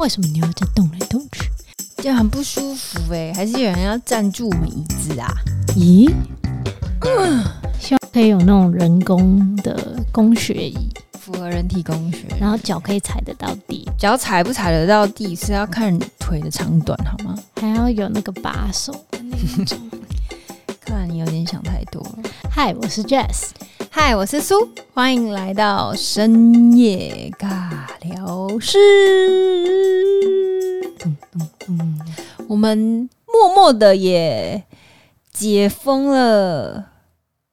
為什麼你要在動來動去？這樣很不舒服哎、欸，還是有人要贊助我們椅子啊？咦？嗯， 希望可以有那種人工的工學椅，符合人體工學，然後腳可以踩得到地，腳踩不踩得到地是要看腿的長短好嗎？還要有那個把手那種 看來你有點想太多了。嗨，我是 Jazz。嗨，Hi, 我是蘇。歡迎來到深尬。是、嗯嗯嗯，我們默默的也解封了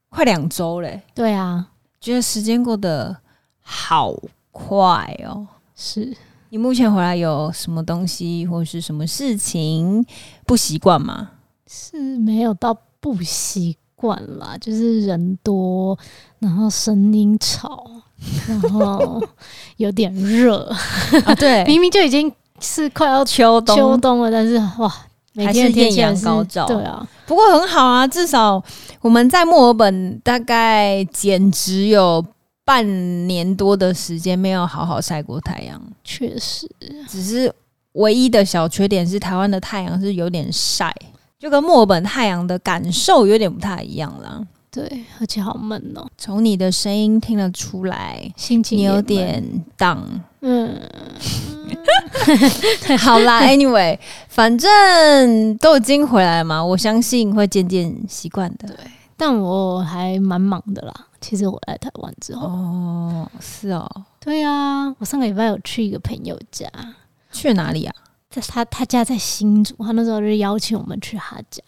快兩周嘞。對啊，覺得時間過得好快哦、喔。是你目前回來有什麼東西或是什麼事情不習慣嗎？是沒有到不習慣啦，就是人多，然後聲音吵。 然後有點熱，啊，對，明明就已經是快要秋冬秋冬了，但是哇，天天是，還是艷陽高照，對啊。不過很好啊，至少我們在墨爾本大概簡直有半年多的時間沒有好好曬過太陽。確實，只是唯一的小缺點是台灣的太陽是有點曬，就跟墨爾本太陽的感受有點不太一樣了。對，而且好悶哦。從你的聲音聽得出來，心情你有點 down。嗯， 好啦，anyway， 反正都已經回來嘛，我相信會漸漸習慣的。對，但我還蠻忙的啦。其實我來台灣之後，哦，是哦，對啊，我上個禮拜有去一個朋友家，去哪裡啊？在他，他家在新竹，他那時候就邀請我們去他家。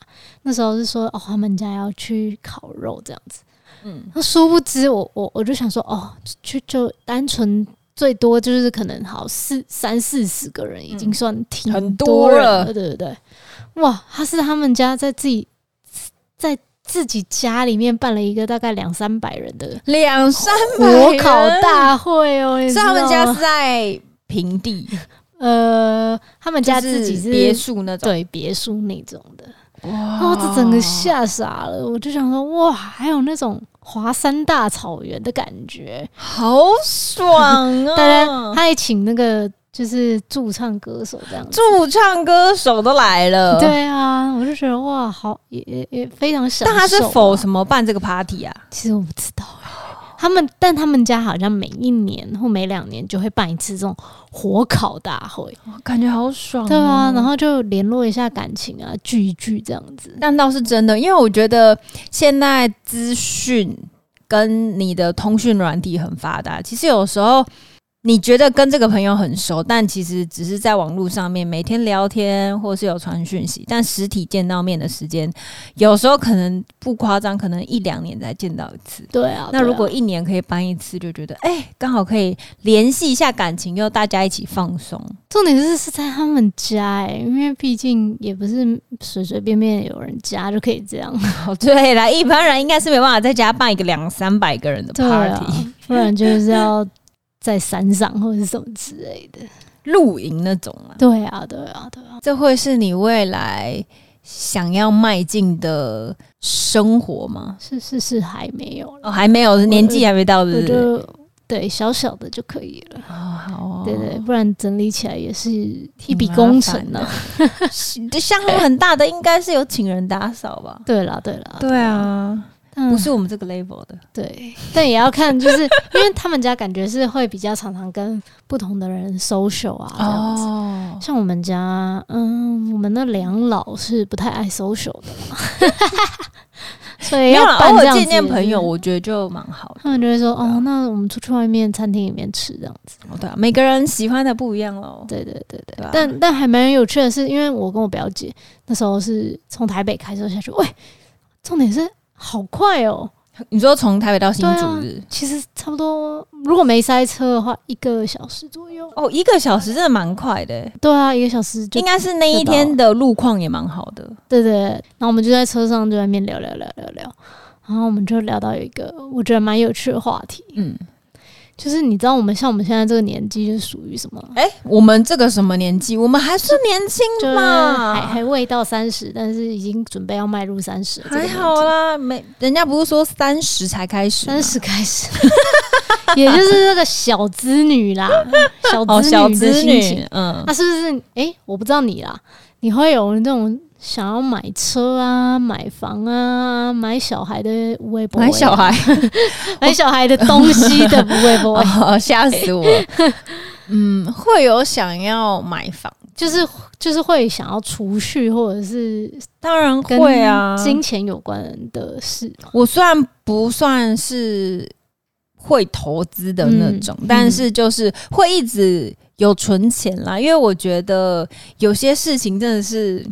那時候是說哦，他們家要去烤肉這樣子，嗯，那殊不知我我我就想說哦，就就，就單純最多就是可能好四三四十個人已經算挺多、嗯、很多了，對不對？哇，他是他們家在自己在自己家裡面辦了一個大概兩三百人的、哦、兩三百人烤大會哦，所以他們家是在平地。呃，他們家自己是，就是別墅那種，對，別墅那種的。哇！這整個嚇傻了，我就想說，哇，還有那種華山大草原的感覺，好爽啊！ 他還請那個就是駐唱歌手這樣，駐唱歌手都來了。對啊，我就覺得哇，好也也也非常享受啊。但他是否什麼辦這個 party 啊？其實我不知道。他們，但他們家好像每一年或每兩年就會辦一次這種火烤大會，哦，感覺好爽啊。對啊，然後就聯絡一下感情啊，聚一聚這樣子。嗯，但倒是真的，因為我覺得現在資訊跟你的通訊軟體很發達，其實有時候。你覺得跟這個朋友很熟，但其實只是在網絡上面每天聊天，或是有傳訊息，但實體見到面的時間，有時候可能不誇張，可能一兩年才見到一次。對啊，那如果一年可以搬一次，啊、就覺得哎，剛、欸、好可以聯繫一下感情，又大家一起放鬆。重點是是在他們家、欸，哎，因為畢竟也不是隨隨便便有人家就可以這樣。好對，啦，一般人應該是沒辦法在家辦一個兩三百個人的 party，對、啊、不然就是要。 在山上或者什麼之類的露營那種啊？對啊，對啊，對啊！這會是你未來想要邁進的生活嗎？是是是，還沒有、哦、還沒有，年紀還沒到，的對？對，小小的就可以了哦，好哦，對，對對，不然整理起來也是一筆工程呢、啊。項目 很大，的應該是有請人打掃吧？對啦，對啦，對啊。對啊嗯、不是我們這個 level 的，對，但也要看，就是 因為他們家感覺是會比較常常跟不同的人 social 啊，這樣子、哦。像我們家，嗯，我們的兩老是不太愛 social 的嘛， 所以要偶爾見見朋友，我覺得就蠻好，他們就會說，哦，那我們出去外面餐廳裡面吃這樣子。哦，對啊，每個人喜歡的不一樣哦。對對對對,對,對、啊，但但還蠻有趣的是，因為我跟我表姐那時候是從台北開車下去，喂，重點是。好快哦！你說從台北到新竹日、對啊，其實差不多。如果沒塞車的話，一個小時左右。哦，一個小時真的蠻快的。對啊，一個小時應該是那一天的路況也蠻好的。對對，然後我們就在車上就在那邊聊聊聊聊聊，然後我們就聊到一個我覺得蠻有趣的話題。嗯。就是你知道我們像我們現在這個年紀就是屬於什麼？哎、欸，我們這個什麼年紀？我們還是年輕嘛，還還未到三十，但是已經準備要邁入三十、這個，還好啦。沒人家不是說三十才開始，三十開始， 也就是這個小資女啦，小資女的心情、哦、小資女嗯。那、啊、是不是？哎、欸，我不知道你啦，你會有那種。想要買車啊，買房啊，買小孩的微博、啊，買小孩， 買小孩的東西的微博、啊，嚇、 哦、死我！ 嗯，會有想要買房，就是就是會想要儲蓄，或者是當然會啊，金錢有關的事、啊。我雖然不算是會投資的那種、嗯，但是就是會一直有存錢啦，嗯、因為我覺得有些事情真的是。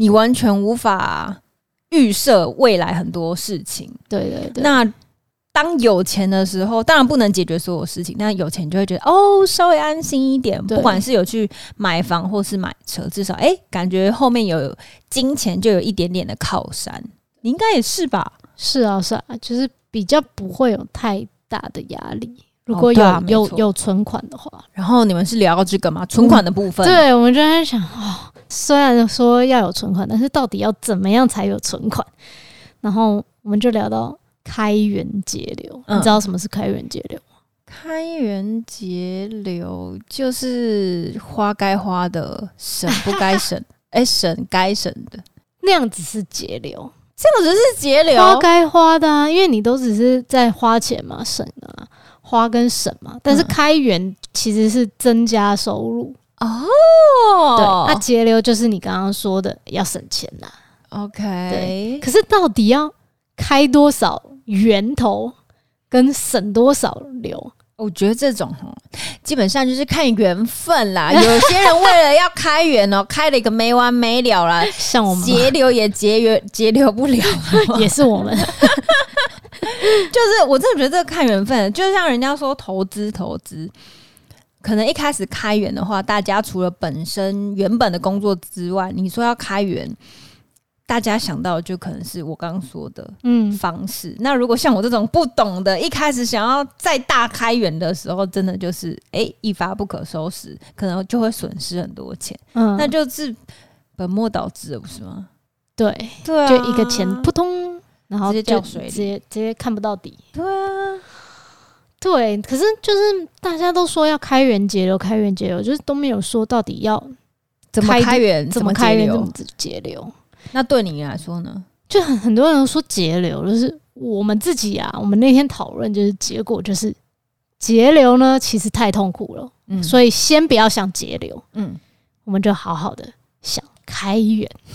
你完全無法預設未來很多事情。對對對。那當有錢的時候，當然不能解決所有事情。但、嗯、有錢就會覺得哦，稍微安心一點。不管是有去買房或是買車，至少哎、欸，感覺後面有金錢就有一點點的靠山。你應該也是吧？是啊，是啊，就是比較不會有太大的壓力。如果有、哦啊、有有存款的話，然後你們是聊到這個嗎？存款的部分？對，我們就在想哦。雖然說要有存款，但是到底要怎麼樣才有存款？然後我們就聊到開源節流，嗯。你知道什麼是開源節流嗎？開源節流就是花該花的，省不該省，誒、啊欸，省該省的那樣子是節流，這樣子是節流。花該花的，啊，因為你都只是在花錢嘛，省啊，花跟省嘛。但是開源其實是增加收入。嗯哦、oh，對，那節流就是你剛剛說的要省錢啦，OK。對，可是到底要開多少源頭，跟省多少流？我覺得這種基本上就是看緣分啦。有些人為了要開源哦、喔， 開了一個沒完沒了啦。像我們節流也節節流不了、喔， 也是我們。 就是我真的覺得這個看緣分，就像人家說投資投資。可能一開始開源的話，大家除了本身原本的工作之外，你說要開源，大家想到的就可能是我剛說的嗯方式嗯。那如果像我這種不懂的，一開始想要再大開源的時候，真的就是哎、欸、一發不可收拾，可能就會損失很多錢。嗯，那就是本末倒置了，不是嗎？對，對、啊，就一個錢撲通，然後就直接掉水直接直接看不到底。對啊。對，可是就是大家都說要開源節流、開源節流，就是都沒有說到底要怎麼開源、怎麼開源、怎麼節流？那對你來說呢？就很很多人都說節流，就是我們自己啊。我們那天討論，就是結果就是節流呢，其實太痛苦了。嗯，所以先不要想節流。嗯，我們就好好的想開源。嗯，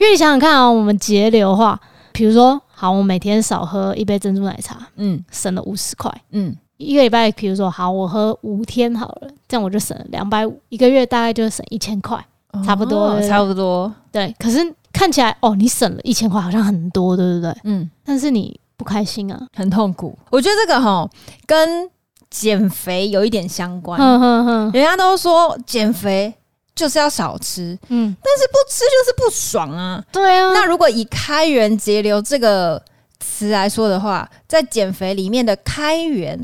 因為你想想看啊，喔，我們節流的話，比如說，好，我每天少喝一杯珍珠奶茶，嗯，省了五十塊，嗯。一個禮拜，比如說好，我喝五天好了，這樣我就省了兩百五，一個月大概就省一千塊，差不多對不對，差不多。對，可是看起來哦，你省了一千塊，好像很多，對不對？嗯，但是你不開心啊，很痛苦。我覺得這個齁跟減肥有一點相關。嗯哼哼，人家都說減肥就是要少吃，嗯，但是不吃就是不爽啊。對啊，那如果以開源節流這個。詞來說的話，在減肥裡面的開源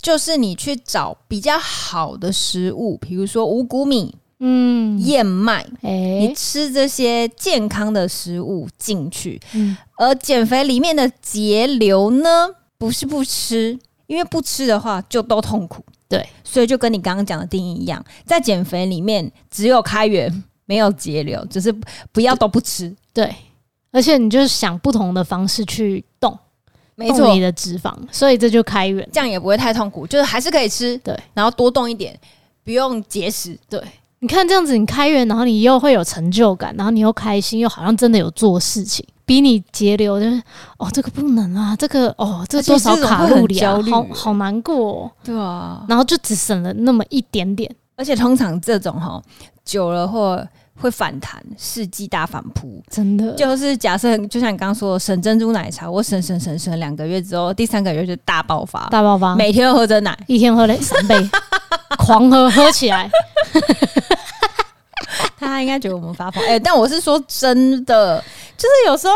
就是你去找比較好的食物，比如說五穀米、嗯、燕麥、欸，你吃這些健康的食物進去、嗯。而減肥裡面的節流呢，不是不吃，因為不吃的話就都痛苦。對，所以就跟你剛剛講的定義一樣，在減肥裡面只有開源，嗯、沒有節流，只是不要都不吃。對，對，而且你就是想不同的方式去。動你的脂肪，所以這就開源，這樣也不會太痛苦，就是還是可以吃對，然後多動一點，不用節食。對，你看這樣子，你開源，然後你又會有成就感，然後你又開心，又好像真的有做事情，比你節流就是哦，這個不能啊，這個哦，這個、多少卡路里啊，焦慮好好難過，喔，對啊，然後就只省了那麼一點點，而且通常這種哈久了或。會反彈，世紀大反撲，真的就是假設，就像你剛剛說的省珍珠奶茶，我省省省省兩個月之後，第三個月就大爆發，大爆發，每天喝珍奶，一天喝了三杯， 狂喝喝起來， 他應該覺得我們發胖，哎、欸，但我是說真的，就是有時候。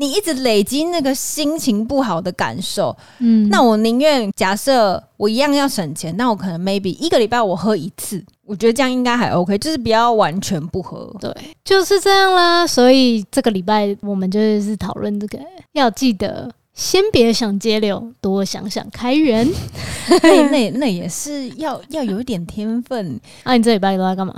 你一直累積那個心情不好的感受，嗯，那我寧願假設我一樣要省錢，那我可能 maybe 一個禮拜我喝一次，我覺得這樣應該還 OK，就是不要完全不喝。對，就是這樣啦。所以這個禮拜我們就是討論這個，要記得先別想節流，多想想開源。 那那那也是要要有一點天分。那、 啊，你這禮拜都在幹嘛？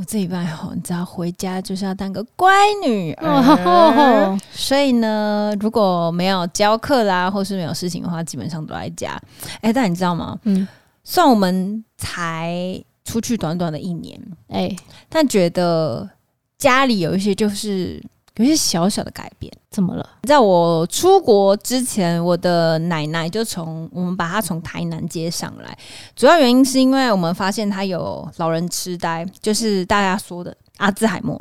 我這一半還好，你知道，回家就是要當個乖女兒。哦、所以呢，如果沒有教課啦，或是沒有事情的話，基本上都在家。哎、欸，但你知道嗎？嗯，算我們才出去短短的一年，哎、欸，但覺得家裡有一些就是。有一些小小的改變，怎麼了？在我出國之前，我的奶奶就從我們把她從台南接上來。主要原因是因為我們發現她有老人癡呆，就是大家說的阿茲海默，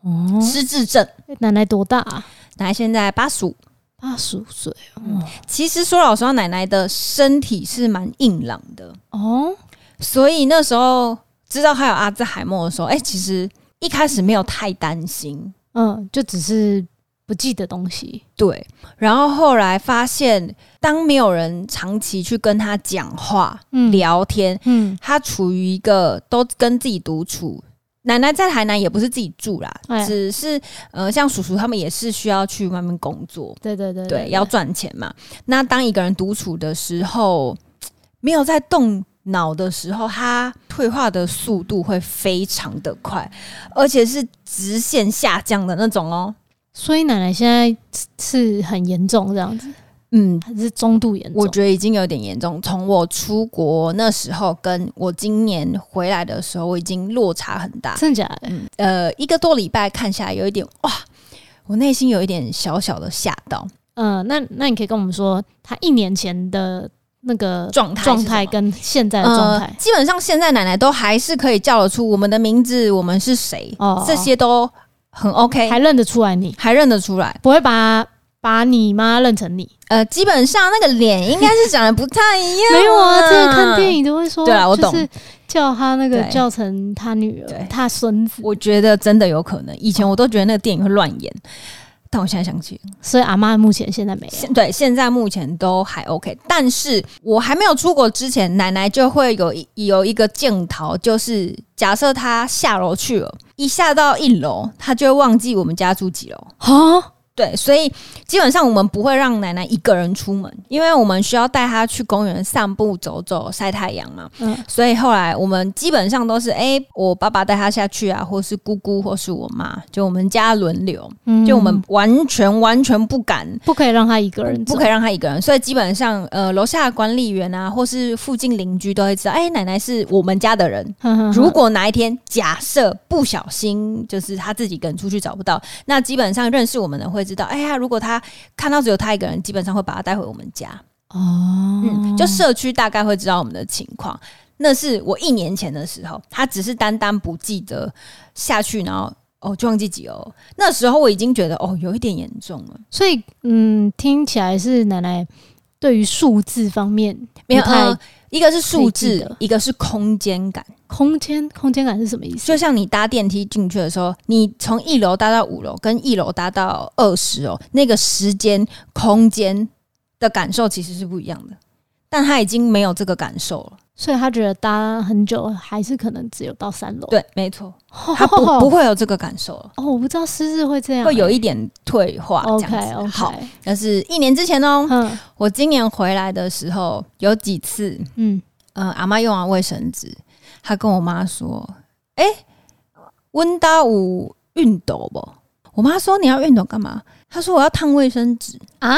哦、嗯，失智症。欸、奶奶多大、啊？奶奶現在八十五，八十五歲。嗯，其實說老實話，奶奶的身體是蠻硬朗的哦。所以那時候知道她有阿茲海默的時候，哎、欸，其實一開始沒有太擔心。嗯，就只是不記得東西，對。然後後來發現，當沒有人長期去跟他講話、嗯、聊天，嗯，他處於一個都跟自己獨處。奶奶在台南也不是自己住啦，哎、只是呃，像叔叔他們也是需要去外面工作，對對對，對，對，要賺錢嘛對對對。那當一個人獨處的時候，沒有在動腦的時候，它退化的速度會非常的快，而且是直線下降的那種哦。所以奶奶現在是很嚴重這樣子，嗯，還是中度嚴重。我覺得已經有點嚴重。從我出國那時候，跟我今年回來的時候，我已經落差很大。真的假的？嗯，呃，一個多禮拜看下來，有一點哇，我內心有一點小小的嚇到。嗯，呃，那那你可以跟我們說，他一年前的。那個狀態狀態跟現在的狀態、呃，基本上現在奶奶都還是可以叫得出我們的名字，我們是誰，哦，哦，這些都很 OK，還認得出來你，你還認得出來，不會把把你媽認成你。呃，基本上那個臉應該是長得不太一樣、啊。 沒有啊，這個看電影都會說，對啊，我懂，就是、叫他那個叫成他女兒，他孫子，我覺得真的有可能。以前我都覺得那個電影會亂演。但我現在想起，所以阿嬤目前現在沒有。現在，對，現在目前都還 OK。但是我還沒有出國之前，奶奶就會有有一個鏡頭，就是假設她下樓去了，一下到一樓，她就會忘記我們家住幾樓啊。對，所以基本上我們不會讓奶奶一個人出門，因為我們需要帶她去公園散步、走走、曬太陽嘛。嗯，所以後來我們基本上都是，哎、欸，我爸爸帶她下去啊，或是姑姑，或是我媽，就我們家輪流。嗯，就我們完全完全不敢，不可以讓她一個人，不可以讓她一個人。所以基本上，呃，樓下的管理員啊，或是附近鄰居都會知道，哎、欸，奶奶是我們家的人。呵呵呵，如果哪一天假設不小心，就是她自己跟出去找不到，那基本上認識我們的會。知道，哎呀，如果他看到只有他一個人，基本上會把他帶回我們家。哦，嗯，就社區大概會知道我們的情況。那是我一年前的時候，他只是單單不記得下去，然後哦，就忘記擠哦。那時候我已經覺得哦，有一點嚴重了。所以，嗯，聽起來是奶奶對於數字方面沒有太、嗯。嗯一個是數字，一個是空間感。空間空間感是什麼意思？就像你搭電梯進去的時候，你從一樓搭到五樓，跟一樓搭到二十樓，那個時間空間的感受其實是不一樣的。但他已經沒有這個感受了。所以他覺得搭很久還是可能只有到三樓，對，沒錯，oh、他不不會有這個感受了，oh, 我不知道失智會這樣，欸，會有一點退化這樣子。OK, okay 好，但、就是一年之前哦，嗯。我今年回來的時候有幾次，嗯，呃，阿嬤用完衛生紙，她跟我媽說：“哎，溫達五熨斗不？”我媽說：“你要熨斗幹嘛？”她說：“我要燙衛生紙啊。”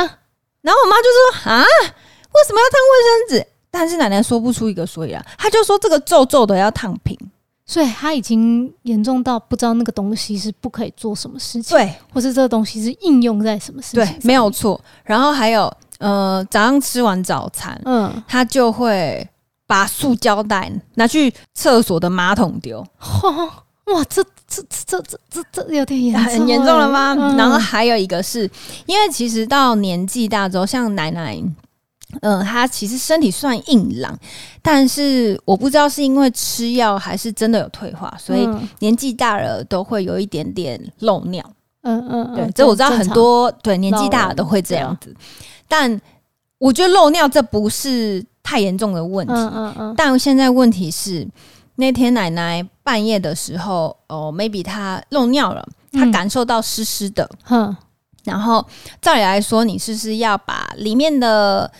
然後我媽就說：“啊，為什麼要燙衛生紙？”但是奶奶說不出一個所以然，她就說這個皺皺的要燙平，所以她已經嚴重到不知道那個東西是不可以做什麼事情，對，或是這個東西是應用在什麼事情，對，沒有錯。然後還有，呃，早上吃完早餐，嗯，她就會把塑膠袋拿去廁所的馬桶丟。哇，這這這這這這有點嚴重，很嚴重了嗎、嗯？然後還有一個是因為其實到年紀大之後，像奶奶。嗯，他其實身體算硬朗，但是我不知道是因為吃藥還是真的有退化，所以年紀大了都會有一點點漏尿。嗯嗯，嗯，嗯，對，這我知道很多，對年紀大了都會這樣子。但我覺得漏尿這不是太嚴重的問題。嗯嗯，嗯，但現在問題是，那天奶奶半夜的時候，哦，呃，maybe 她漏尿了，她感受到濕濕的。嗯。嗯，然後照理來說，你是不是要把裡面的？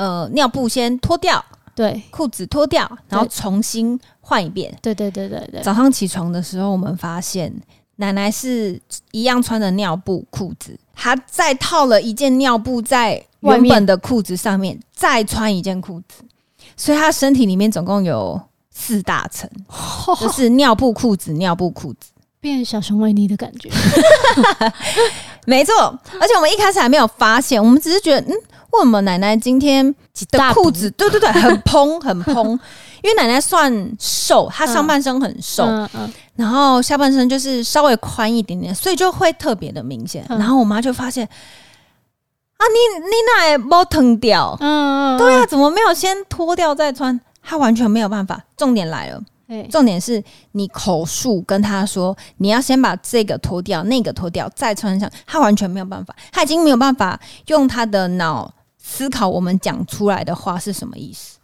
呃，尿布先脫掉，對，褲子脫掉，然後重新換一遍。對對,對對對對對。早上起床的時候，我們發現奶奶是一樣穿的尿布褲子，她再套了一件尿布在原本的褲子上面,面，再穿一件褲子，所以她身體裡面總共有四大層，哦、就是尿布褲子尿布褲子，變小熊維尼的感覺。 沒錯，而且我們一開始還沒有發現，我們只是覺得嗯。為什麼奶奶今天的褲子，對對對，很蓬很蓬？ 因為奶奶算瘦，她上半身很瘦，嗯，然後下半身就是稍微寬一點點，所以就會特別的明顯。嗯，然後我媽就發現啊，你你那沒脫掉，嗯，嗯，對啊，怎麼沒有先脫掉再穿，嗯嗯？她完全沒有辦法。重點來了，重點是你口述跟她說你要先把這個脫掉，那個脫掉再穿上，她完全沒有辦法，她已經沒有辦法用她的腦。思考我們講出來的話是什麼意思？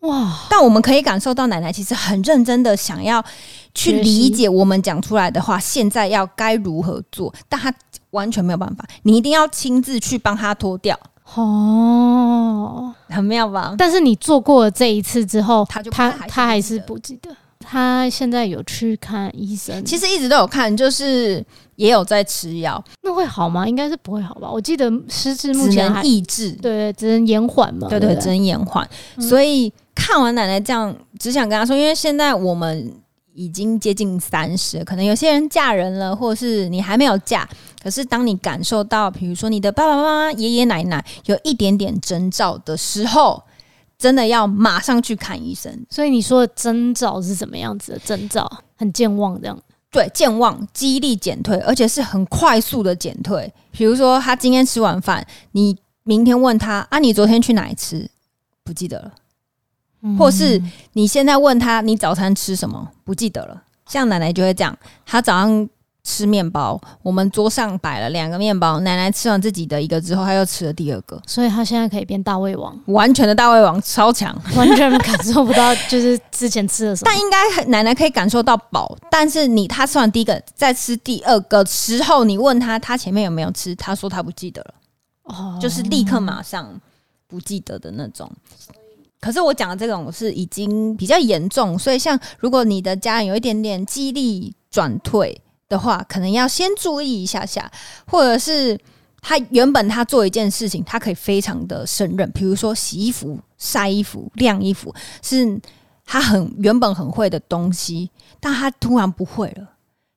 哇！但我們可以感受到奶奶其實很認真的想要去理解我們講出來的話，現在要該如何做？但她完全沒有辦法，你一定要親自去幫她脫掉。哦，很妙吧？但是你做過了這一次之後，她就她她還是不記得。他現在有去看醫生，其實一直都有看，就是也有在吃藥。那會好嗎？應該是不會好吧？我記得，失智，目前只能抑制，對，對對，只能延緩嘛，對，對對，只能延緩。所以、嗯、看完奶奶這樣，只想跟他說，因為現在我們已經接近三十，可能有些人嫁人了，或者是你還沒有嫁。可是當你感受到，比如說你的爸爸媽媽、爺爺奶奶有一點點徵兆的時候，真的要馬上去看醫生，所以你說的徵兆是什麼樣子的徵兆？很健忘這樣，對，健忘、記憶力減退，而且是很快速的減退。比如說，他今天吃完飯，你明天問他啊，你昨天去哪裡吃？不記得了。或是你現在問他，你早餐吃什麼？不記得了。像奶奶就會這樣，他早上。吃麵包，我們桌上擺了兩個麵包。奶奶吃完自己的一個之後，他又吃了第二個，所以他現在可以變大胃王，完全的大胃王，超強，完全感受不到就是之前吃了什麼。 但應該奶奶可以感受到飽，但是你她吃完第一個再吃第二個之後，時候你問她她前面有沒有吃，她說她不記得了，哦，oh，就是立刻馬上不記得的那種。可是我講的這種是已經比較嚴重，所以像如果你的家人有一點點記憶力轉退。的話，可能要先注意一下下，或者是他原本他做一件事情，他可以非常的勝任，比如說洗衣服、曬衣，衣服、晾衣服，是他很原本很會的東西，但他突然不會了，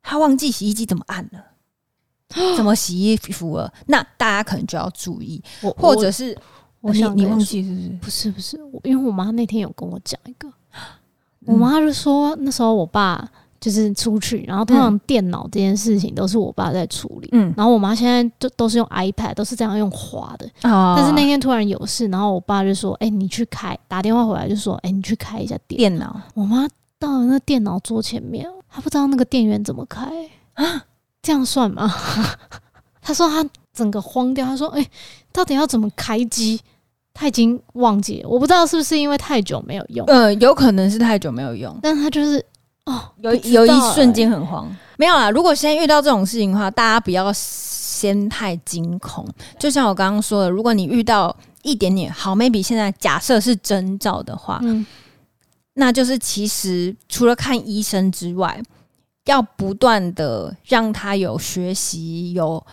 他忘記洗衣機怎麼按了，怎麼洗衣服了，那大家可能就要注意，或者是我，我想你，你忘記是不是？不是不是，因為我媽那天有跟我講一個，我媽就說那時候我爸。就是出去，然後通常電腦這件事情都是我爸在處理。嗯，然後我媽現在都都是用 iPad，都是這樣用滑的、哦。但是那天突然有事，然後我爸就說：“哎、欸，你去開。”打電話回來就說：“哎、欸，你去開一下電腦。電腦”我媽到了那個電腦桌前面，她不知道那個電源怎麼開啊？這樣算嗎？ 她說她整個慌掉。她說：“哎、欸，到底要怎麼開機？她已經忘記了，我不知道是不是因為太久沒有用。嗯、呃，有可能是太久沒有用，但她就是。”哦、有有，有一瞬間很慌、欸，沒有啦。如果先遇到這種事情的話，大家不要先太驚恐。就像我剛剛說的，如果你遇到一點點好，maybe 現在假設是徵兆的話、嗯，那就是其實除了看醫生之外，要不斷的讓他有學習有。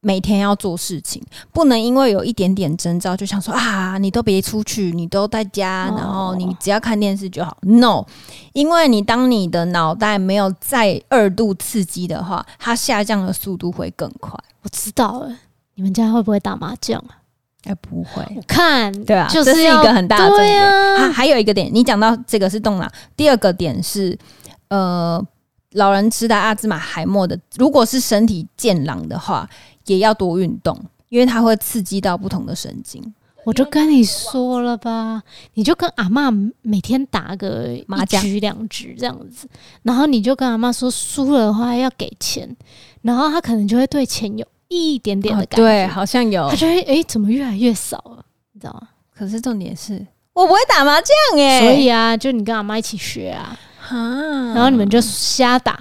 每天要做事情，不能因為有一點點徵兆就想說啊，你都別出去，你都在家，然後你只要看電視就好。No，因為你當你的腦袋沒有再二度刺激的話，它下降的速度會更快。我知道了，你們家會不會打麻將啊？哎、欸，不會。看，對啊，就是，這是一個很大的重點、啊啊、還有一個點，你講到這個是動腦，第二個點是呃。老人痴呆、啊、阿茲海默的，如果是身體健朗的話，也要多運動，因為它會刺激到不同的神經。我就跟你說了吧，你就跟阿嬤每天打個麻將，一局兩局這樣子，然後你就跟阿嬤說輸了的話要給錢，然後他可能就會對錢有一點點的感覺、啊，對，好像有，他就會哎、欸，怎麼越來越少了、啊？你知道嗎？可是重點是，我不會打麻將哎、欸，所以啊，就你跟阿嬤一起學啊。啊！然後你們就瞎打，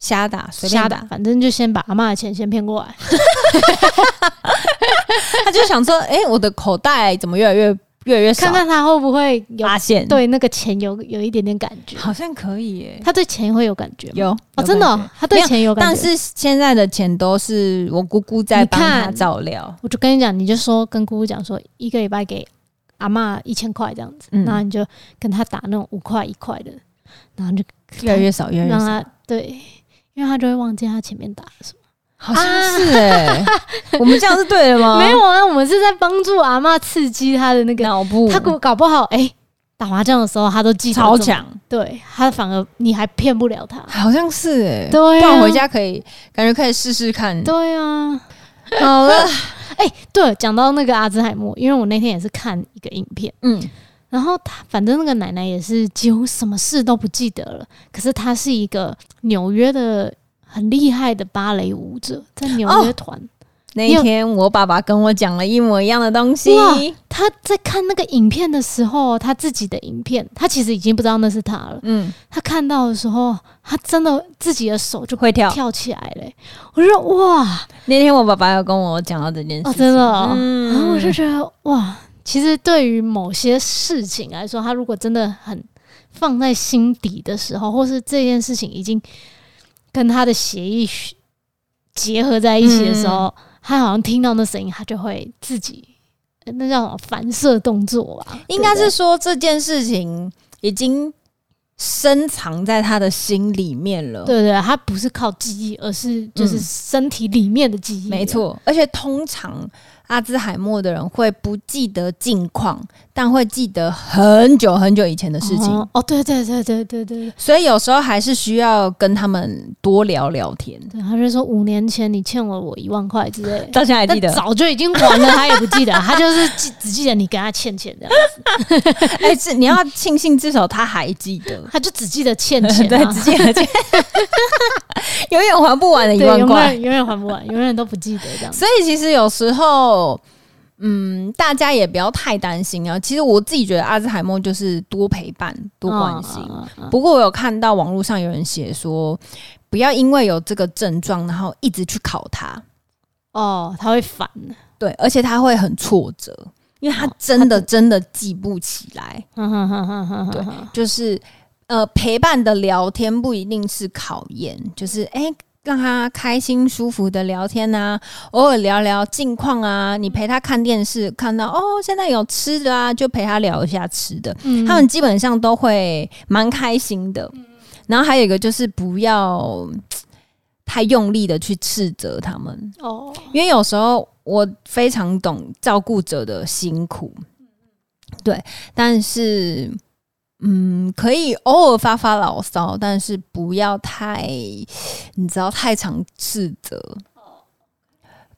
瞎打，隨便打，反正就先把阿嬤的錢先騙過來。 他就想說：“哎、欸，我的口袋怎麼越來越越來越少？看看他會不會有發現？對那個錢有有一點點感覺？好像可以耶。他對錢會有感覺嗎？有，有感覺哦，真的、哦，他對錢有感覺。感但是現在的錢都是我姑姑在幫他照料。我就跟你講，你就說跟姑姑講說，一個禮拜給阿嬤一千塊這樣子、嗯，然後你就跟他打那種五塊一塊的。”然後就越來越少，越來越少他。對，因為他就會忘記他前面打什麼。好像是哎、欸，啊、 我們這樣是對的嗎？ 沒有啊，我們是在幫助阿嬤刺激他的那個腦部。他搞搞不好，哎、欸，打麻將的時候他都記超強。對，他反而你還騙不了他。好像是哎、欸。對、啊。不然我回家可以，感覺可以試試看。對啊。好了，哎、 欸，對，講到那個阿茲海默，因為我那天也是看一個影片，嗯。然後他，反正那個奶奶也是幾乎什麼事都不記得了。可是他是一個紐約的很厲害的芭蕾舞者，在紐約團。哦、那一天，我爸爸跟我講了一模一樣的東西。他在看那個影片的時候，他自己的影片，他其實已經不知道那是他了。嗯，他看到的時候，他真的自己的手就會跳跳起來嘞。我說哇，那天我爸爸有跟我講到這件事、哦，真的、哦，嗯，然後我就覺得哇。其實，對於某些事情來說，他如果真的很放在心底的時候，或是這件事情已經跟他的血液結合在一起的時候，嗯、他好像聽到那聲音，他就會自己那叫什麼反射動作吧？應該是說這件事情已經深藏在他的心裡面了。對，對對，他不是靠記憶，而是就是身體裡面的記憶、嗯。沒錯，而且通常。阿茲海默的人會不記得近況，但會記得很久很久以前的事情。哦，哦，對對對對對對。所以有時候還是需要跟他們多聊聊天。對，他就說五年前你欠了我，我一萬塊之類，到現在還記得，早就已經還了， 他也不記得，他就是只記，只記得你跟他欠錢這樣子。哎、 欸，你要慶幸至少他還記得， 他就只記得欠錢、啊 對，只記得欠錢。 永遠還不完的一萬塊，永遠還不完， 永遠都不記得這樣。所以其實有時候，嗯，大家也不要太擔心啊。其實我自己覺得阿茲海默就是多陪伴、多關心。哦哦哦、不過我有看到網絡上有人寫說，不要因為有這個症狀，然後一直去考他哦，他會煩，對，而且他會很挫折，因為他真的、哦、他真的記不起來。嗯哈哈哈哈！對，就是。呃，陪伴的聊天不一定是考驗，就是，哎、欸，讓他開心舒服的聊天啊，偶爾聊聊近況啊。你陪他看電視，看到哦，現在有吃的啊，就陪他聊一下吃的。嗯，他們基本上都會蠻開心的，嗯。然後還有一個就是不要太用力的去斥責他們哦，因為有時候我非常懂照顧者的辛苦。嗯，對，但是。嗯，可以偶爾發發牢騷，但是不要太，你知道，太常自責。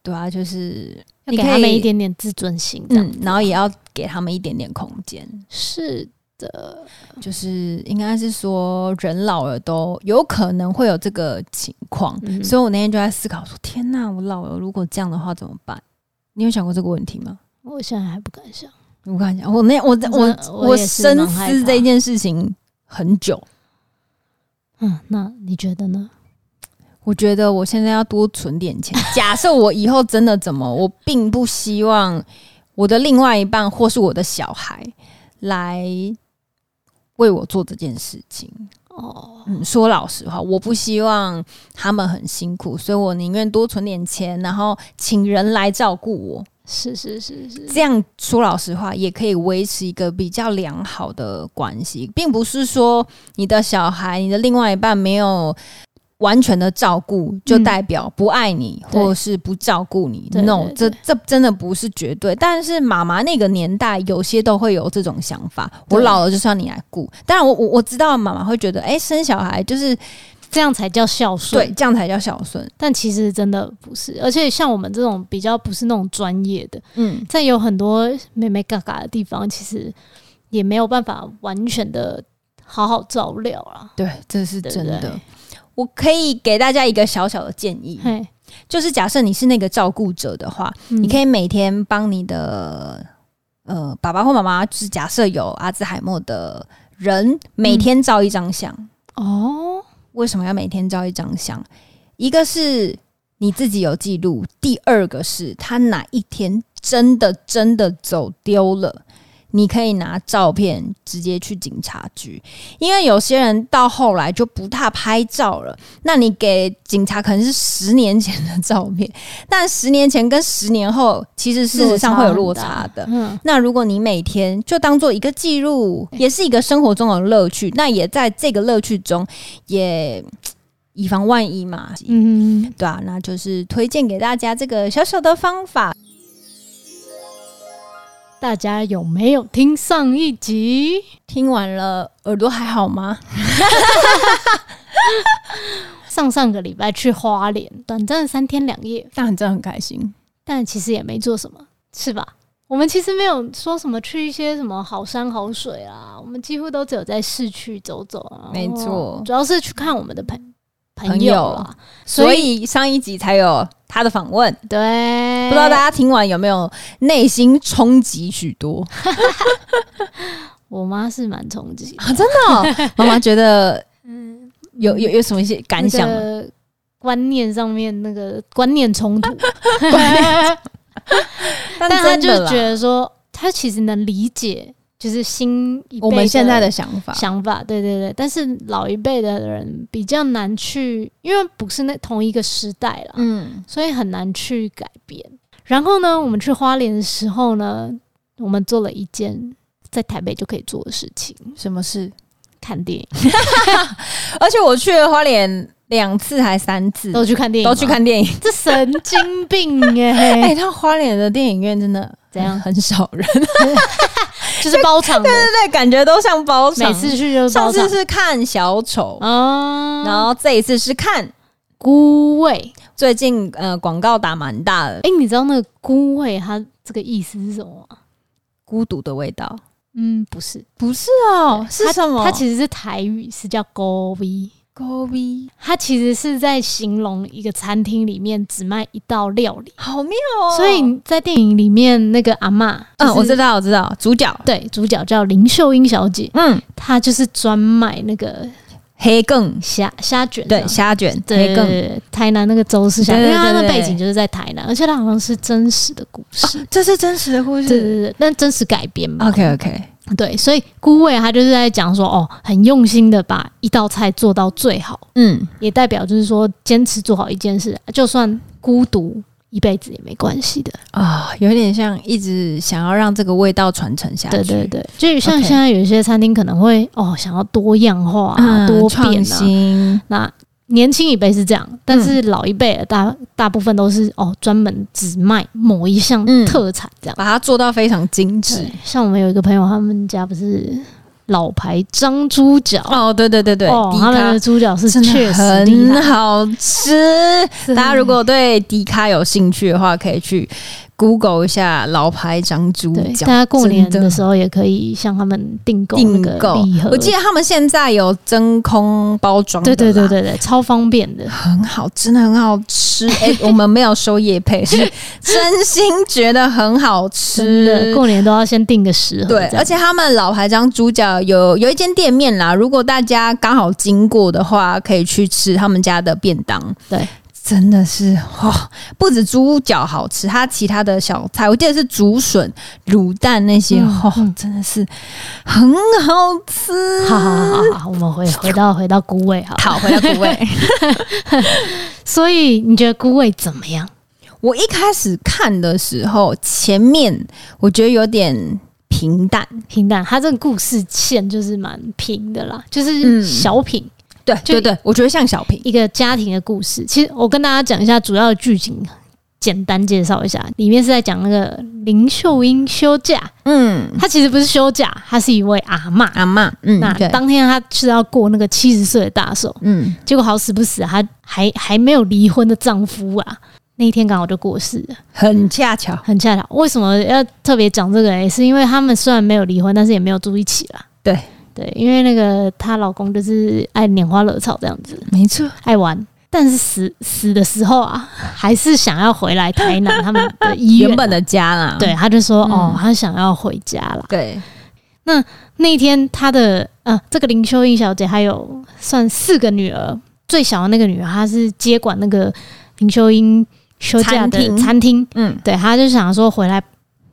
對啊，就是要給他們一點點自尊心，嗯，然後也要給他們一點點空間。是的，就是應該是說，人老了都有可能會有這個情況、嗯。所以我那天就在思考說：“天哪、啊，我老了，如果這樣的話怎麼辦？”你有想過這個問題嗎？我現在還不敢想。我跟你講，我那我我我深思這件事情很久。嗯，那你覺得呢？我覺得我現在要多存點錢。假設我以後真的怎麼， 我並不希望我的另外一半或是我的小孩來為我做這件事情。哦，嗯，說老實話，我不希望他們很辛苦，所以我寧願多存點錢，然後請人來照顧我。是是是是，這樣說老實話，也可以維持一個比較良好的關係，並不是說你的小孩，你的另外一半沒有完全的照顧，就代表不愛你，嗯，或是不照顧你。No，這這真的不是絕對。但是媽媽那個年代，有些都會有這種想法。我老了就算你來顧。當然我，我我我知道媽媽會覺得，哎，生小孩就是。這樣才叫孝順，對，這樣才叫孝順。但其實真的不是，而且像我們這種比較不是那種專業的，嗯，在有很多眉眉角角的地方，其實也沒有辦法完全的好好照料了，啊。對，這是真的對對。我可以給大家一個小小的建議，就是假設你是那個照顧者的話，嗯，你可以每天幫你的呃爸爸或媽媽，就是假設有阿茲海默的人，嗯，每天照一張相哦。為什麼要每天照一張相？一個是你自己有記錄，第二個是他哪一天真的真的走丟了。你可以拿照片直接去警察局，因為有些人到後來就不太拍照了。那你給警察可能是十年前的照片，但十年前跟十年後其實事實上會有落差的。落差很大。嗯，那如果你每天就當做一個記錄，也是一個生活中的樂趣。那也在這個樂趣中也，也以防萬一嘛。嗯，對啊，那就是推薦給大家這個小小的方法。大家有沒有聽上一集？聽完了，耳朵還好嗎？ 上上個禮拜去花蓮，短暫三天兩夜，但真的很開心。但其實也沒做什麼，是吧？我們其實沒有說什麼去一些什麼好山好水啊，我們幾乎都只有在市區走走啊。沒錯，主要是去看我們的朋友。朋友所以，所以上一集才有他的訪問。對，不知道大家聽完有沒有內心衝擊許多？ 我媽是蠻衝擊的、啊，真的、哦。媽媽覺得，嗯，有有有什麼一些感想？嗯那個、觀念上面那個觀念衝突 但，但她就是覺得說，她其實能理解。就是新一輩我們現在的想法想法，對對對，但是老一輩的人比較難去，因為不是那同一個時代了，嗯，所以很難去改變。然後呢，我們去花蓮的時候呢，我們做了一件在台北就可以做的事情，什麼事？看電影。 而且我去了花蓮兩次，還三次都去看電影，都去看電影，這神經病哎、欸！哎、 欸，他花蓮的電影院真的怎樣？很少人。 就是包場，對，對對對，感覺都像包場。每次去就是包場。上次是看小丑啊，然後這一次是看孤味最近，呃，廣告打蠻大的。誒、欸，你知道那個孤味它這個意思是什麼嗎、啊？孤獨的味道？嗯，不是，不是哦，是什麼它？它其實是台語，是叫高 V。孤味，他其實是在形容一個餐廳裡面只賣一道料理，好妙哦！所以在電影裡面那個阿嬤，就是，嗯，我知道，我知道，主角，對，主角叫林秀英小姐，嗯，她就是專賣那個黑更蝦蝦捲，對、對、對，蝦捲黑更，台南那個周氏蝦捲，因為它的背景就是在台南，而且它好像是真實的故事，啊，這是真實的故事，對對對，但真實改編嘛，OK OK。對，所以孤味他就是在講說，哦，很用心的把一道菜做到最好，嗯，也代表就是說堅持做好一件事，就算孤獨一輩子也沒關係的啊、哦，有點像一直想要讓這個味道傳承下去，對對對，就像現在有些餐廳可能會哦想要多樣化、啊嗯、多變啊、創新，那。年輕一輩是這樣，但是老一輩大、嗯、大部分都是哦，專門只賣某一項特產，這樣、嗯、把它做到非常精緻。像我們有一個朋友，他們家不是老牌張豬腳哦，對對對對，哦、他們的豬腳是確實的真的很好吃。大家如果對迪卡有興趣的話，可以去。Google 一下老牌張豬腳，大家過年的時候也可以向他們訂購訂購。我記得他們現在有真空包裝，對對對對對，超方便的，很好，真的很好吃。哎、欸，我們沒有收業配 是，真心覺得很好吃。 過年都要先訂個十盒。對，而且他們老牌張豬腳有有一間店面啦，如果大家剛好經過的話，可以去吃他們家的便當。對。真的是哦，不止豬腳好吃，它其他的小菜，我記得是竹筍、滷蛋那些哈、嗯哦，真的是很好吃。好好好好，我們回回到回到孤味好。好好，回到孤味。 所以你覺得孤味怎麼樣？我一開始看的時候，前面我覺得有點平淡，平淡。它這個故事線就是蠻平的啦，就是小品。嗯對，對對，我覺得像小品，一個家庭的故事。其實我跟大家講一下主要的劇情，簡單介紹一下，裡面是在講那個林秀英休假。嗯，她其實不是休假，她是一位阿嬤，阿嬤，嗯。那，okay，當天她是要過那個七十歲的大壽。嗯，結果好死不死，她還還沒有離婚的丈夫啊，那一天剛好就過世了，很恰巧，嗯，很恰巧。為什麼要特別講這個，欸，也是因為他們雖然沒有離婚，但是也沒有住一起了，啊。對。對，因為那個她老公就是愛拈花惹草這樣子，沒錯，愛玩。但是死死的時候啊，還是想要回來台南他們的醫院啦 原本的家了。對，他就說、嗯、哦，他想要回家了。對，那那一天他的呃，這個林秀英小姐還有算四個女兒，最小的那個女兒她是接管那個林秀英休假的餐廳。嗯，對，她就想說回來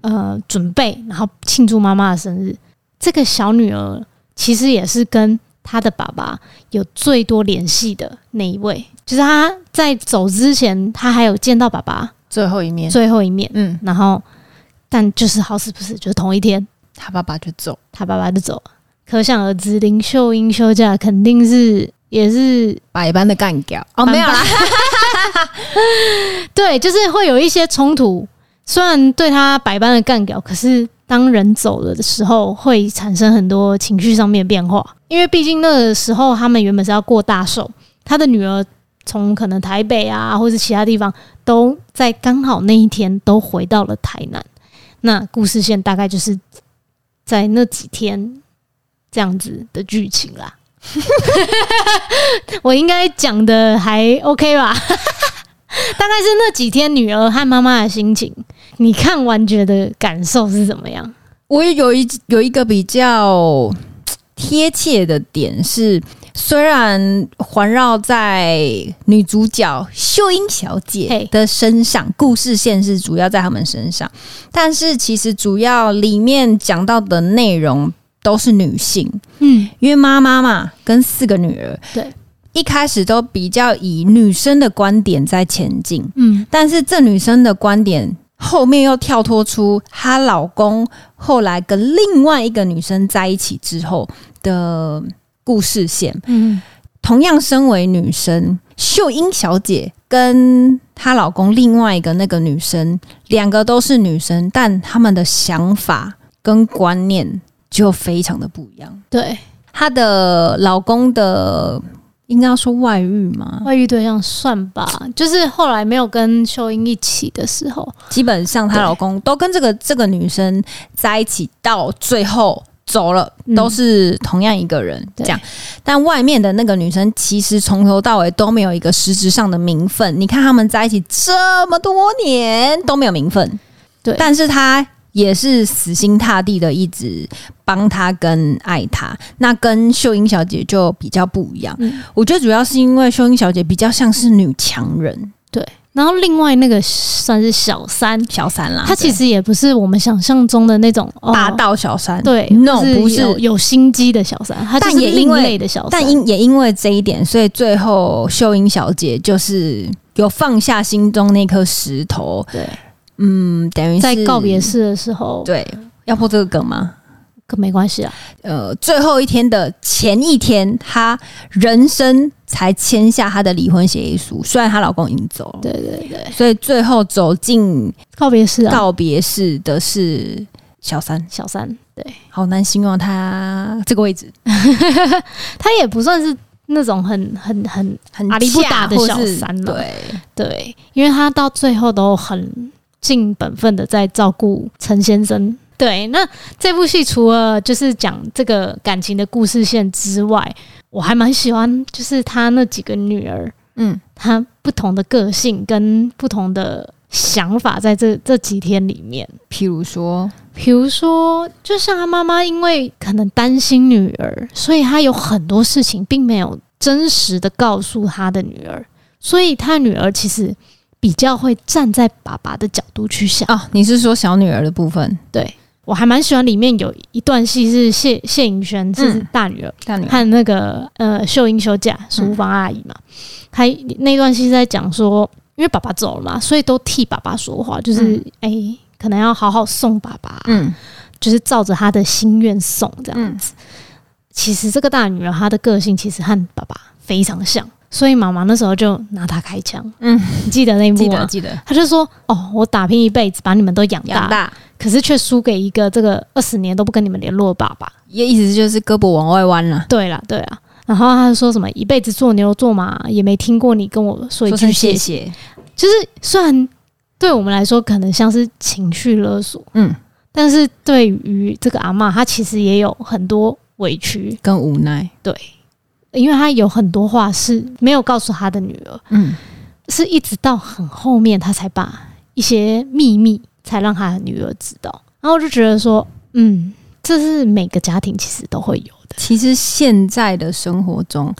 呃，準備然後慶祝媽媽的生日。這個小女兒。其實也是跟他的爸爸有最多聯繫的那一位，就是他在走之前，他還有見到爸爸最後一面，最後一面，嗯，然後，但就是好死不死，就是同一天，他爸爸就走，他爸爸就走了，可想而知，林秀英休假肯定是也是百般的幹譙哦，沒有啦， 對，就是會有一些衝突，雖然對他百般的幹譙，可是。當人走了的時候，會產生很多情緒上面的變化。因為畢竟那個時候，他們原本是要過大壽，他的女兒從可能台北啊，或是其他地方，都在剛好那一天都回到了台南。那故事線大概就是在那幾天這樣子的劇情啦。 我應該講的還 OK 吧？ 大概是那幾天，女兒和媽媽的心情。你看完覺得感受是怎麼樣？我也有一有一個比較貼切的點是，雖然環繞在女主角秀英小姐的身上，故事線是主要在她們身上，但是其實主要裡面講到的內容都是女性，嗯，因為媽媽嘛跟四個女兒，對，一開始都比較以女生的觀點在前進，嗯，但是這女生的觀點。後面又跳脫出她老公後來跟另外一個女生在一起之後的故事線。嗯，同樣身為女生，秀英小姐跟她老公另外一個那個女生，兩個都是女生，但她們的想法跟觀念就非常的不一樣。對，她的老公的。應該要說外遇嗎？外遇對象算吧，就是後來沒有跟秀英一起的時候，基本上她老公都跟這個這個女生在一起，到最後走了、嗯、都是同樣一個人這樣。但外面的那個女生其實從頭到尾都沒有一個實質上的名分。你看他們在一起這麼多年都沒有名分，對，但是她。也是死心塌地的，一直幫他跟愛他。那跟秀英小姐就比較不一樣。嗯、我覺得主要是因為秀英小姐比較像是女強人，對。然後另外那個算是小三，小三啦。她其實也不是我們想象中的那種霸、哦、道小三，對，那、no, 種不是有，有心機的小三，她是但也因為，另類的小三。但因也因為這一點，所以最後秀英小姐就是有放下心中那顆石頭，對。嗯，等於在告別式的時候，對，要破這個梗嗎？可沒關係啊。呃，最後一天的前一天，她人生才簽下她的離婚協議書。雖然她老公已經走了，對對對。所以最後走進告別式，啊、告別式的是小三，小三，對，好難形容她這個位置。她 也不算是那種很很很很阿里不達的小三了，喔，對對，因為她到最後都很。盡本分的在照顧陳先生。對，那這部戲除了就是講這個感情的故事線之外，我還蠻喜歡，就是他那幾個女兒，嗯，他不同的個性跟不同的想法，在這這幾天裡面，譬如說，譬如說，就像他媽媽，因為可能擔心女兒，所以他有很多事情並沒有真實的告訴他的女兒，所以他女兒其實。比較會站在爸爸的角度去想啊。哦，你是說小女兒的部分？對，我還蠻喜歡裡面有一段戲是謝謝盈萱，就、嗯、是大女兒，大女兒和那個呃秀英休假，是淑芳阿姨嘛，她、嗯、那段戲在講說，因為爸爸走了嘛，所以都替爸爸說話，就是哎、嗯欸，可能要好好送爸爸，啊，嗯，就是照着他的心願送這樣子、嗯。其實這個大女兒她的個性其實和爸爸非常像。所以媽媽那時候就拿他開槍，嗯，記得那一幕、啊，記得記得，他就說：“哦，我打拼一輩子，把你們都養大，養大，可是卻輸給一個這個二十年都不跟你們聯絡的爸爸，也一直就是胳膊往外彎了、啊。”對啦，對啊，然後他就說什麼一輩子做牛做馬，也沒聽過你跟我說一句謝謝。就是雖然對我們來說可能像是情緒勒索，嗯，但是對於這個阿嬤，她其實也有很多委屈跟無奈，對。因為他有很多話是沒有告訴他的女兒，嗯，是一直到很後面他才把一些秘密才讓他的女兒知道，然後我就覺得說，嗯，這是每個家庭其實都會有的。其實現在的生活中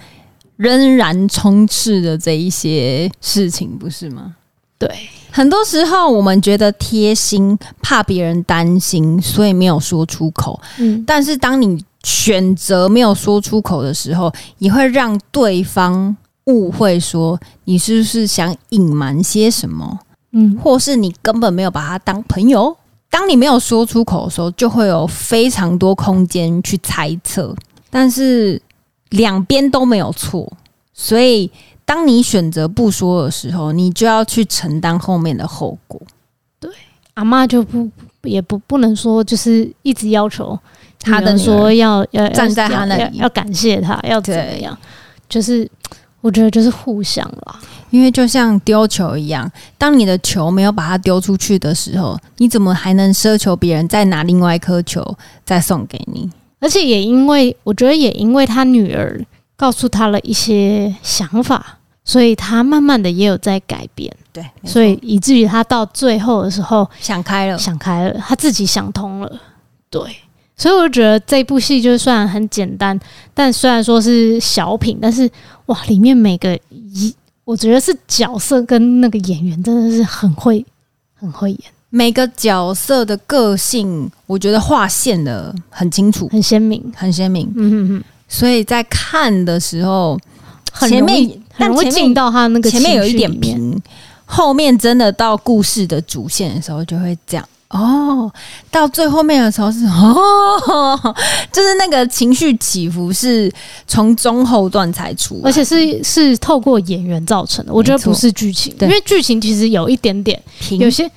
仍然充斥着這一些事情，不是嗎？對，很多時候我們覺得貼心，怕別人擔心，所以沒有說出口。嗯，但是當你。選擇沒有說出口的時候，也會讓對方誤會，說你是不是想隱瞞些什麼？嗯，或是你根本沒有把他當朋友。當你沒有說出口的時候，就會有非常多空間去猜測。但是兩邊都沒有錯，所以當你選擇不說的時候，你就要去承擔後面的後果。對，阿嬤就不也不不能說，就是一直要求。他能說要要站在他那裡，要要，要感謝他，要怎麼樣？就是我覺得就是互相啦，因為就像丟球一樣，當你的球沒有把它丟出去的時候，你怎麼還能奢求別人再拿另外一顆球再送給你？而且也因為我覺得也因為他女兒告訴他了一些想法，所以他慢慢的也有在改變。對，所以以至於他到最後的時候想開了，想開了，他自己想通了。對。所以我覺得這部戲就是雖然很簡單，但雖然說是小品，但是哇，裡面每個一，我覺得是角色跟那個演員真的是很會，很會演。每個角色的個性，我覺得劃線的很清楚，很鮮明，很鮮明。嗯嗯嗯。所以在看的時候，很容易前面但會進到他那個面前面有一點平，後面真的到故事的主線的時候就會這樣。哦，到最後面的時候是哦，就是那個情緒起伏是從中後段才出，而且是是透過演員造成的，我覺得不是劇情，對，因為劇情其實有一點點平，有些，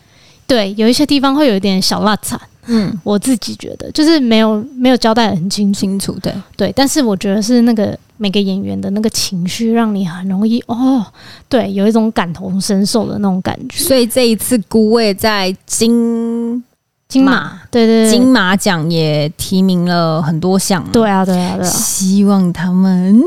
對，有一些地方會有一點小落差。嗯，我自己覺得就是沒有沒有交代的很清楚清楚，對對，但是我覺得是那個每個演員的那個情緒，讓你很容易哦，對，有一種感同身受的那種感覺。所以這一次，孤味在金金馬、馬，對對、對金馬獎也提名了很多項，對啊對啊對，啊對啊，希望他們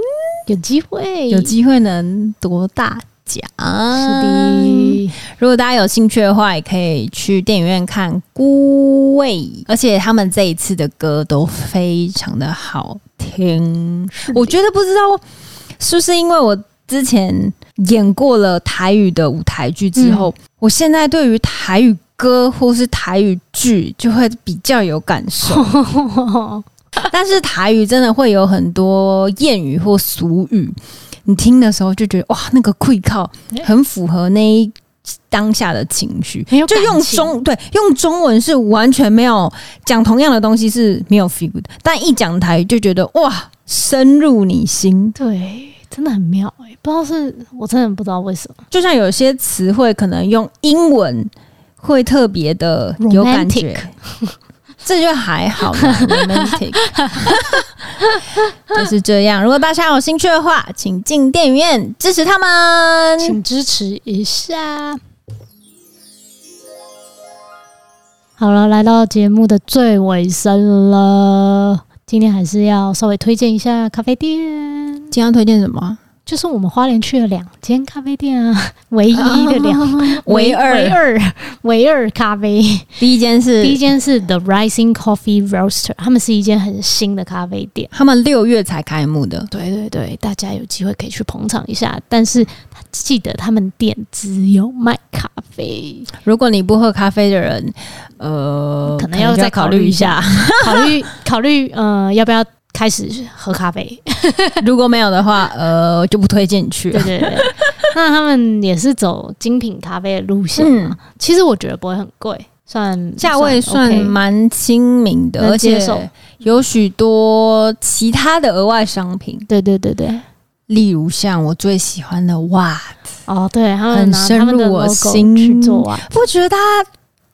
有機會有機會能奪大。是的。如果大家有興趣的話，也可以去電影院看《孤味》。而且他們這一次的歌都非常的好聽。我覺得不知道是不是因為我之前演過了台語的舞台劇之後、嗯，我現在對於台語歌或是台語劇就會比較有感受。 但是台語真的會有很多諺語或俗語。你聽的時候就覺得哇，那個跪靠很符合那一當下的情緒，欸，就用中對，用中文是完全沒有講同樣的東西，是沒有 feel 的。但一講台就覺得哇，深入你心，對，真的很妙哎，欸，不知道是我真的不知道為什麼，就像有些詞彙可能用英文會特別的有感覺。 這就還好， Romantic 就是這樣。如果大家有興趣的話，請進電影院支持他們，請支持一下。好了，來到節目的最尾聲了，今天還是要稍微推薦一下咖啡店。今天要推薦什麼？就是我們花蓮去了兩間咖啡店啊，唯一的兩間，啊，唯二唯，唯二唯二咖啡。第一間是第一間是 The Rising Coffee Roaster，他們是一間很新的咖啡店，他們六月才開幕的。對對對，大家有機會可以去捧場一下。但是記得他們店只有賣咖啡，如果你不喝咖啡的人，呃，可能要再考慮一下， 考慮考慮，呃，要不要？開始喝咖啡， 如果沒有的話，呃，就不推薦你去了。對對對， 那他們也是走精品咖啡的路線嘛、嗯。其實我覺得不會很貴，算價位算蠻親民的，而且有許多其他的額外商品。對對對對，例如像我最喜歡的襪子哦，對他們他們的，很深入我心去做襪，不覺得他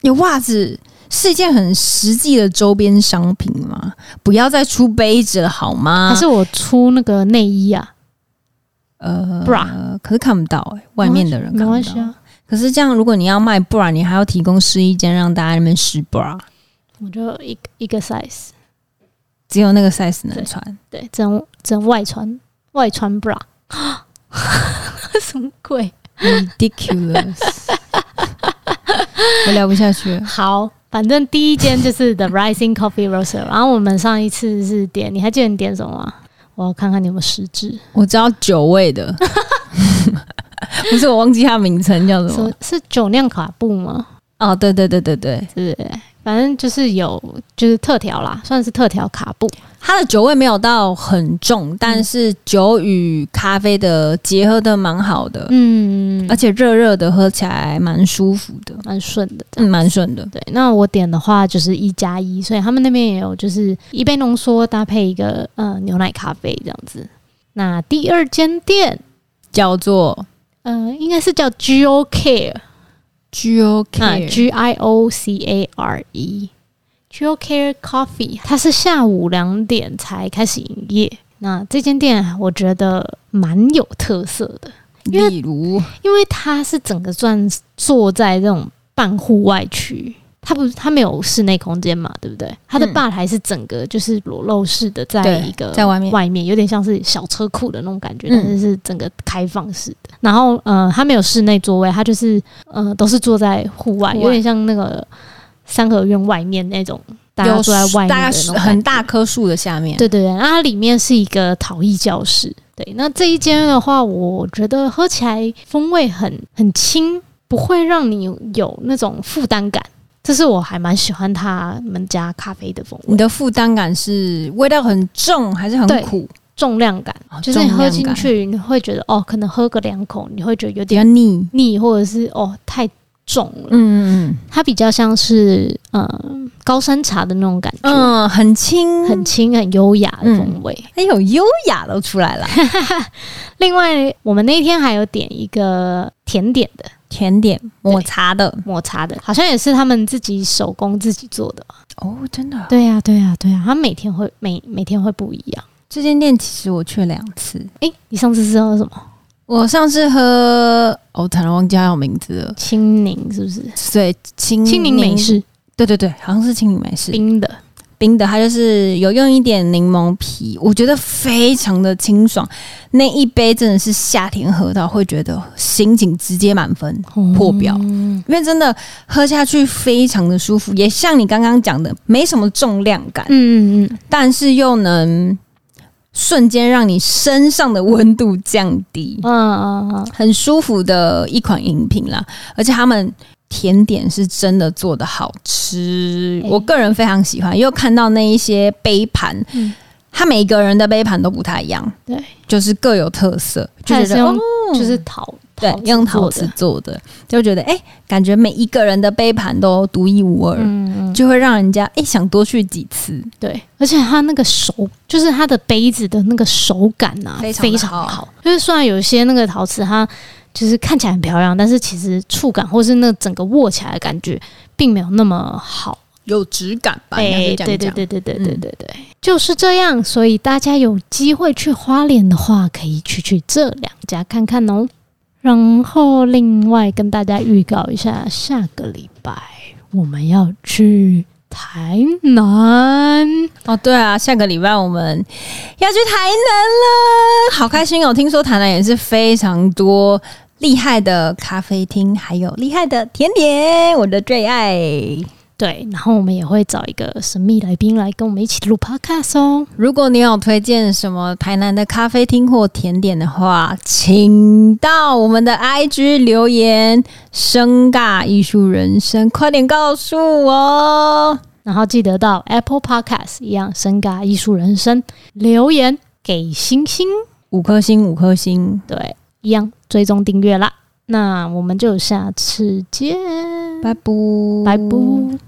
有襪子。是一件很實際的周邊商品嗎？不要再出杯子了好嗎？可是我出那個內衣啊？呃，bra，可是看不到哎、欸，外面的人看不到，啊，可是這樣，如果你要賣 bra，你還要提供試衣間讓大家那邊試 bra。我就一個一個 size，只有那個 size 能穿。對，只能只能外穿外穿 bra。 什麼鬼？ridiculous。 我聊不下去。好，反正第一間就是 The Rising Coffee Roaster。 然後我們上一次是點，你還記得你點什麼嗎？我要看看你有沒有失職。我知道酒味的， 不是，我忘記它名稱叫什麼？是，是酒釀卡布嗎？哦，對對對對對，是？反正就是有，就是特調啦，算是特調卡布。它的酒味沒有到很重，但是酒與咖啡的結合的蠻好的，嗯，而且熱熱的喝起來蠻舒服的，蠻順的，嗯，蠻順的。對，那我點的話就是一加一，所以他們那邊也有就是一杯濃縮搭配一個呃牛奶咖啡這樣子。那第二間店叫做嗯、呃，應該是叫 Giocare、Giocare、啊、G-I-O-C-A-R-E。Giocare Coffee，它是下午兩點才開始營業。那這間店我覺得蠻有特色的，因為例如因為它是整個算坐在這種半戶外區，它不它沒有室內空間嘛，對不對？它的吧台是整個就是裸露式的，在一個在外面外面，有點像是小車庫的那種感覺，但是是整個開放式的。然後呃，它沒有室內座位，它就是呃都是坐在戶外，戶外，有點像那個。三合院外面那種，大家住在外面的那種，大概很大棵樹的下面。對對對，那它裡面是一個陶藝教室。對，那這一間的話，我覺得喝起來風味很很輕，不會讓你有那種負擔感。這是我還蠻喜歡他們家咖啡的風味。你的負擔感是味道很重，還是很苦？哦，重量感，就是你喝進去你會覺得哦，可能喝個兩口你會覺得有點膩膩，或者是哦太。重了，嗯嗯嗯，它比較像是嗯、呃、高山茶的那種感覺，嗯，很輕，很輕，很優雅的風味，哎、嗯、有優雅都出來了。 另外，我們那天還有點一個甜點的，甜點抹茶的，抹茶的，好像也是他們自己手工自己做的哦，真的，對呀、啊，對呀、啊，對呀、啊，他每天會每每天會不一樣。這間店其實我去了兩次，誒、欸，你上次知道了什麼？我上次喝，哦，我突然忘記還有名字了。青檸是不是？對，青檸美式。對對對，好像是青檸美式。冰的，冰的，它就是有用一點檸檬皮，我覺得非常的清爽。那一杯真的是夏天喝到會覺得心情直接滿分、嗯、破表，因為真的喝下去非常的舒服，也像你剛剛講的，沒什麼重量感。嗯嗯，嗯，但是又能。瞬間讓你身上的溫度降低，嗯嗯嗯，很舒服的一款飲品啦。而且他們甜點是真的做的好吃，我個人非常喜歡。又看到那一些杯盤。嗯他每一個人的杯盤都不太一樣，對，就是各有特色，就是用、哦、就是陶，陶，對，用陶瓷做的，就覺得哎、欸，感覺每一個人的杯盤都獨一無二、嗯，就會讓人家哎、欸、想多去幾次。對，而且他那個手，就是他的杯子的那個手感吶、啊，非常好。就是雖然有一些那個陶瓷，它就是看起來很漂亮，但是其實觸感或是那整個握起來的感覺，並沒有那麼好。有質感吧？哎、欸，對對對對對對對對對，就是這樣。所以大家有機會去花蓮的話，可以去去這兩家看看哦。然後另外跟大家預告一下，下個禮拜我們要去台南哦。對啊，下個禮拜我們要去台南了，好開心哦！聽說台南也是非常多厲害的咖啡廳，還有厲害的甜點，我的最愛。對，然後我們也會找一個神秘來賓來跟我們一起錄 Podcast 哦。如果你有推薦什麼台南的咖啡廳或甜點的話，請到我們的 IG 留言“深尬藝術人生”，快點告訴我。然後記得到 Apple Podcast 一樣“深尬藝術人生”留言給星星五顆星五顆星。對，一樣追蹤訂閱啦。那我們就下次見，拜拜拜拜。